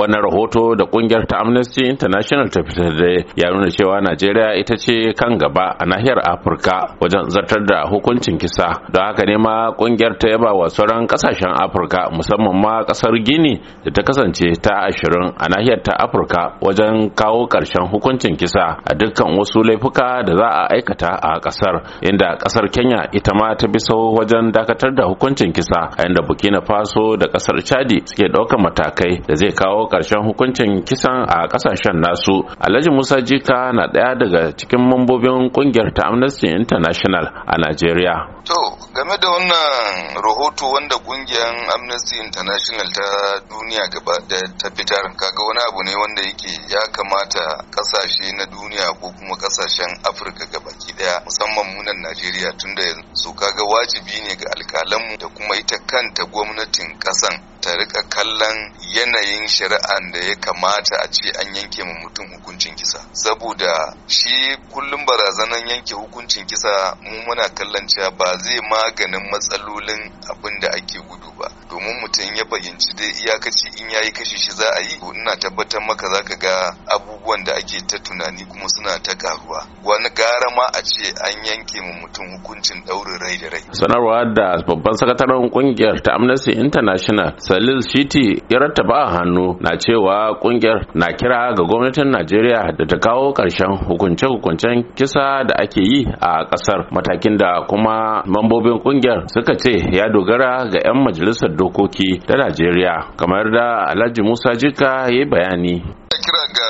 wannan rahoto da kungiyar ta amnesty international ta fitar da ya nuna cewa najeriya ita ce kan gaba a nahiyar afirka wajen zartar da hukuncin kisa don haka ne ma kungiyar ta yaba wa sauran kasashen afirka musamman ma kasar gini da ta kasance ta ashirin a nahiyar ta afirka wajen kawo karshen hukuncin kisa a dukkan wasu laifuka da za a aikata a kasar inda kasar kenya ita ma ta bi sau wajen dakatar da hukuncin kisa a inda bukina faso da kasar chadi suke ɗaukar matakai da zai kawo Karshen hukuncin kisan a ƙasashen nasu alhaji musa jika na ɗaya daga cikin mambobin ƙungiyar ta amnesty international a najeriya to game da wannan rahoto wanda ƙungiyar amnesty international ta duniya gaba ta fitar kaga wani abu ne wanda yake ya kamata ƙasashe na duniya ko kuma ƙasashen afirka gabaki ɗaya musamman munan najeriya tunda yanzu kaga wajibi ne ga alkalanmu da kuma ita kanta gwamnatin ƙasan ta rika kallon yanayin shari'an da ya kamata a ce an yanke mu mutum hukuncin kisa saboda shi kullum barazanan yanke hukuncin kisa mu muna kallon cewa ba zai maganin matsalolin abin da ake gudu ba domin mutum ya fahimci dai iyakaci in ya yi kashi shi za a yi ina tabbatar maka za ka ga abubuwan da ake ta tunani kuma suna ta karuwa wani gara ma a ce an yanke mu mutum hukuncin daurin rai da rai sanarwa da babban sakataren kungiyar ta Amnesty International Salil Shiti ya rattaba a hannu na cewa kungiyar na kira ga gwamnatin Najeriya da ta kawo karshen hukunce-hukuncen kisa da ake yi a kasar matakin da kuma mambobin kungiyar suka ce ya dogara ga 'yan majalisar doka dokoki ta Najeriya kamar da Alhaji Musa Jika ya bayani. kira ga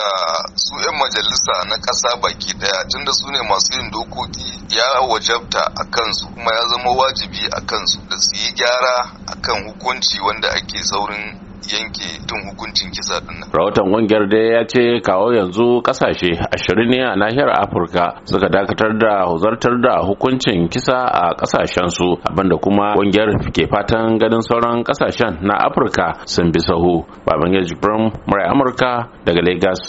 su 'yan majalisa na ƙasa baki daya tunda su ne masu yin dokoki ya wajabta a kansu kuma ya zama wajibi a kansu da su yi gyara a kan hukunci wanda ake saurin yanke tun hukuncin kisa din nan. Rahoton ƙungiyar dai ya ce kawo yanzu ƙasashe ashirin ne a nahiyar Afirka suka dakatar da huzartar da hukuncin kisa a ƙasashen su abinda kuma ƙungiyar ke fatan ganin sauran ƙasashen na Afirka sun bi sahu. Babangare Jibrin Murai Amurka daga Lagos.